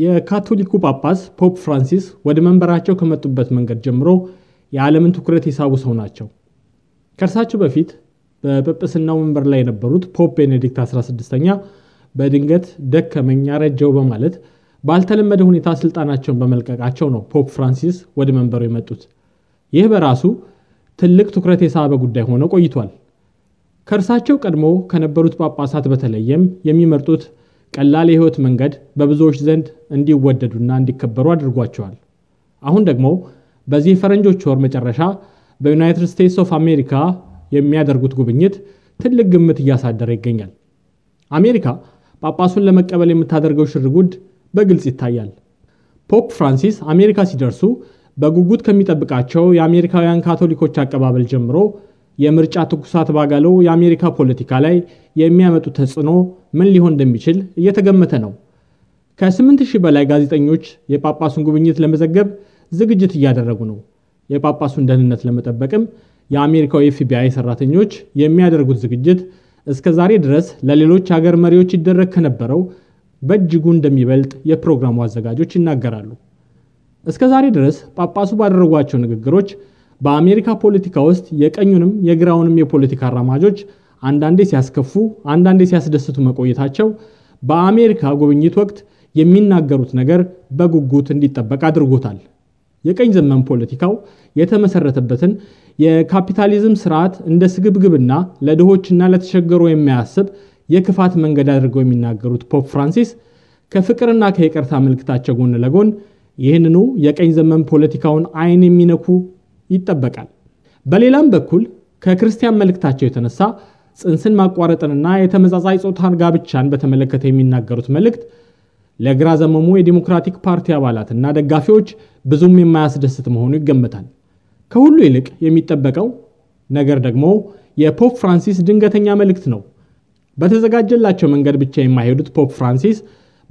የካቶሊኩ ጳጳስ ፖፕ ፍራንሲስ ወደ መንበራቸው ከመጡበት መንገድ ጀምሮ የዓለምን ትኩረት የሳቡ ሰው ናቸው። ከእርሳቸው በፊት በጵጵስናው መንበር ላይ የነበሩት ፖፕ ቤኔዲክት 16ኛ በድንገት ደከመኝ ረጀው በማለት ባልተለመደ ሁኔታ ስልጣናቸውን በመልቀቃቸው ነው ፖፕ ፍራንሲስ ወደ መንበሩ የመጡት። ይህ በራሱ ትልቅ ትኩረት የሳበ ጉዳይ ሆኖ ቆይቷል። ከእርሳቸው ቀድሞ ከነበሩት ጳጳሳት በተለየም የሚመርጡት ቀላል የህይወት መንገድ በብዙዎች ዘንድ እንዲወደዱና እንዲከበሩ አድርጓቸዋል። አሁን ደግሞ በዚህ ፈረንጆች ወር መጨረሻ በዩናይትድ ስቴትስ ኦፍ አሜሪካ የሚያደርጉት ጉብኝት ትልቅ ግምት እያሳደረ ይገኛል። አሜሪካ ጳጳሱን ለመቀበል የምታደርገው ሽርጉድ በግልጽ ይታያል። ፖፕ ፍራንሲስ አሜሪካ ሲደርሱ በጉጉት ከሚጠብቃቸው የአሜሪካውያን ካቶሊኮች አቀባበል ጀምሮ የምርጫ ትኩሳት ባጋለው የአሜሪካ ፖለቲካ ላይ የሚያመጡ ተጽዕኖ ምን ሊሆን እንደሚችል እየተገመተ ነው። ከ8000 በላይ ጋዜጠኞች የጳጳሱን ጉብኝት ለመዘገብ ዝግጅት እያደረጉ ነው። የጳጳሱን ደህንነት ለመጠበቅም የአሜሪካው ኤፍቢአይ ሰራተኞች የሚያደርጉት ዝግጅት እስከ ዛሬ ድረስ ለሌሎች አገር መሪዎች ይደረግ ከነበረው በእጅጉ እንደሚበልጥ የፕሮግራሙ አዘጋጆች ይናገራሉ። እስከ ዛሬ ድረስ ጳጳሱ ባደረጓቸው ንግግሮች በአሜሪካ ፖለቲካ ውስጥ የቀኙንም የግራውንም የፖለቲካ አራማጆች አንዳንዴ ሲያስከፉ፣ አንዳንዴ ሲያስደስቱ መቆየታቸው በአሜሪካ ጉብኝት ወቅት የሚናገሩት ነገር በጉጉት እንዲጠበቅ አድርጎታል። የቀኝ ዘመን ፖለቲካው የተመሰረተበትን የካፒታሊዝም ስርዓት እንደ ስግብግብና ለድሆችና ለተቸገሩ የማያስብ የክፋት መንገድ አድርገው የሚናገሩት ፖፕ ፍራንሲስ ከፍቅርና ከይቅርታ ምልክታቸው ጎን ለጎን ይህንኑ የቀኝ ዘመን ፖለቲካውን አይን የሚነኩ ይጠበቃል። በሌላም በኩል ከክርስቲያን መልእክታቸው የተነሳ ጽንስን ማቋረጥንና የተመዛዛይ ጾታን ጋብቻን በተመለከተ የሚናገሩት መልእክት ለግራ ዘመሙ የዲሞክራቲክ ፓርቲ አባላትና ደጋፊዎች ብዙም የማያስደስት መሆኑ ይገመታል። ከሁሉ ይልቅ የሚጠበቀው ነገር ደግሞ የፖፕ ፍራንሲስ ድንገተኛ መልእክት ነው። በተዘጋጀላቸው መንገድ ብቻ የማይሄዱት ፖፕ ፍራንሲስ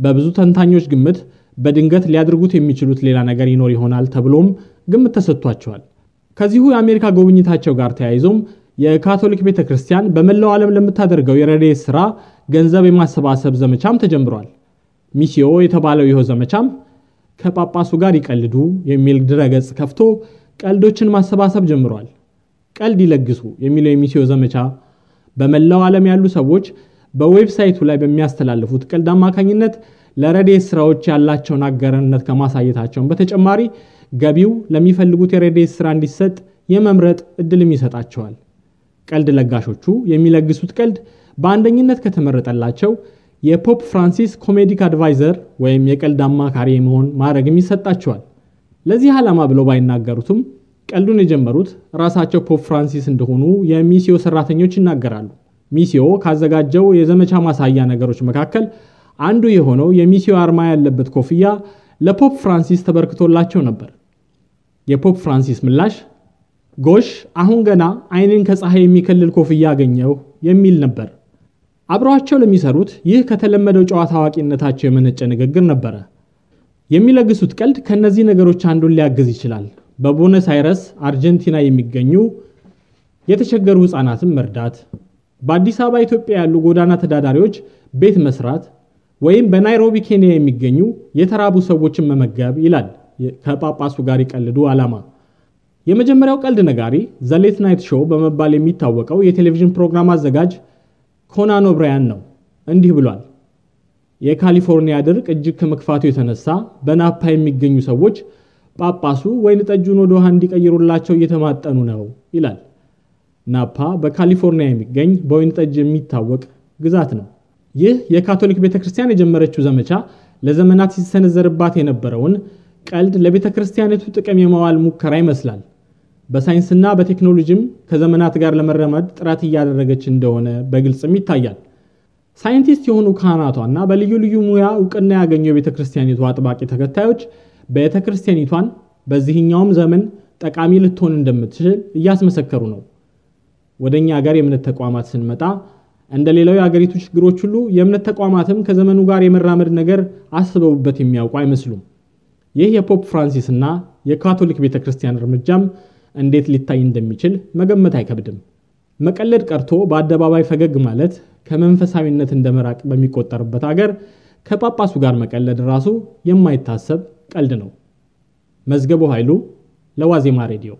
በብዙ ተንታኞች ግምት በድንገት ሊያደርጉት የሚችሉት ሌላ ነገር ይኖር ይሆናል ተብሎም ግምት ተሰጥቷቸዋል። ከዚሁ የአሜሪካ ጉብኝታቸው ጋር ተያይዞም የካቶሊክ ቤተ ክርስቲያን በመላው ዓለም ለምታደርገው የረድኤት ሥራ ገንዘብ የማሰባሰብ ዘመቻም ተጀምሯል። ሚሲዮ የተባለው ይኸው ዘመቻም ከጳጳሱ ጋር ይቀልዱ የሚል ድረገጽ ከፍቶ ቀልዶችን ማሰባሰብ ጀምሯል። ቀልድ ይለግሱ የሚለው የሚሲዮ ዘመቻ በመላው ዓለም ያሉ ሰዎች በዌብሳይቱ ላይ በሚያስተላልፉት ቀልድ አማካኝነት ለረድኤት ሥራዎች ያላቸውን አጋርነት ከማሳየታቸውን በተጨማሪ ገቢው ለሚፈልጉት የሬዴት ስራ እንዲሰጥ የመምረጥ እድልም ይሰጣቸዋል። ቀልድ ለጋሾቹ የሚለግሱት ቀልድ በአንደኝነት ከተመረጠላቸው የፖፕ ፍራንሲስ ኮሜዲክ አድቫይዘር ወይም የቀልድ አማካሪ የመሆን ማዕረግም ይሰጣቸዋል። ለዚህ ዓላማ ብለው ባይናገሩትም ቀልዱን የጀመሩት ራሳቸው ፖፕ ፍራንሲስ እንደሆኑ የሚሲዮ ሰራተኞች ይናገራሉ። ሚሲዮ ካዘጋጀው የዘመቻ ማሳያ ነገሮች መካከል አንዱ የሆነው የሚሲዮ አርማ ያለበት ኮፍያ ለፖፕ ፍራንሲስ ተበርክቶላቸው ነበር። የፖፕ ፍራንሲስ ምላሽ ጎሽ አሁን ገና አይንን ከፀሐይ የሚከልል ኮፍያ አገኘሁ የሚል ነበር። አብረዋቸው ለሚሰሩት ይህ ከተለመደው ጨዋታ አዋቂነታቸው የመነጨ ንግግር ነበረ። የሚለግሱት ቀልድ ከእነዚህ ነገሮች አንዱን ሊያግዝ ይችላል። በቦነስ አይረስ አርጀንቲና የሚገኙ የተቸገሩ ህፃናትን መርዳት፣ በአዲስ አበባ ኢትዮጵያ ያሉ ጎዳና ተዳዳሪዎች ቤት መስራት ወይም በናይሮቢ ኬንያ የሚገኙ የተራቡ ሰዎችን መመገብ ይላል። ከጳጳሱ ጋር ይቀልዱ ዓላማ። የመጀመሪያው ቀልድ ነጋሪ ዘሌት ናይት ሾው በመባል የሚታወቀው የቴሌቪዥን ፕሮግራም አዘጋጅ ኮናን ኦብራያን ነው። እንዲህ ብሏል። የካሊፎርኒያ ድርቅ እጅግ ከመክፋቱ የተነሳ በናፓ የሚገኙ ሰዎች ጳጳሱ ወይን ጠጁን ወደ ውሃ እንዲቀይሩላቸው እየተማጠኑ ነው ይላል። ናፓ በካሊፎርኒያ የሚገኝ በወይን ጠጅ የሚታወቅ ግዛት ነው። ይህ የካቶሊክ ቤተክርስቲያን የጀመረችው ዘመቻ ለዘመናት ሲሰነዘርባት የነበረውን ቀልድ ለቤተ ክርስቲያኒቱ ጥቅም የመዋል ሙከራ ይመስላል። በሳይንስና በቴክኖሎጂም ከዘመናት ጋር ለመረመድ ጥረት እያደረገች እንደሆነ በግልጽም ይታያል። ሳይንቲስት የሆኑ ካህናቷና በልዩ ልዩ ሙያ እውቅና ያገኙ የቤተ ክርስቲያኒቱ አጥባቂ ተከታዮች ቤተ ክርስቲያኒቷን በዚህኛውም ዘመን ጠቃሚ ልትሆን እንደምትችል እያስመሰከሩ ነው። ወደ እኛ ሀገር የእምነት ተቋማት ስንመጣ እንደ ሌላው የአገሪቱ ችግሮች ሁሉ የእምነት ተቋማትም ከዘመኑ ጋር የመራመድ ነገር አስበውበት የሚያውቁ አይመስሉም። ይህ የፖፕ ፍራንሲስ እና የካቶሊክ ቤተ ክርስቲያን እርምጃም እንዴት ሊታይ እንደሚችል መገመት አይከብድም። መቀለድ ቀርቶ በአደባባይ ፈገግ ማለት ከመንፈሳዊነት እንደመራቅ በሚቆጠርበት አገር ከጳጳሱ ጋር መቀለድ ራሱ የማይታሰብ ቀልድ ነው። መዝገቡ ኃይሉ ለዋዜማ ሬዲዮ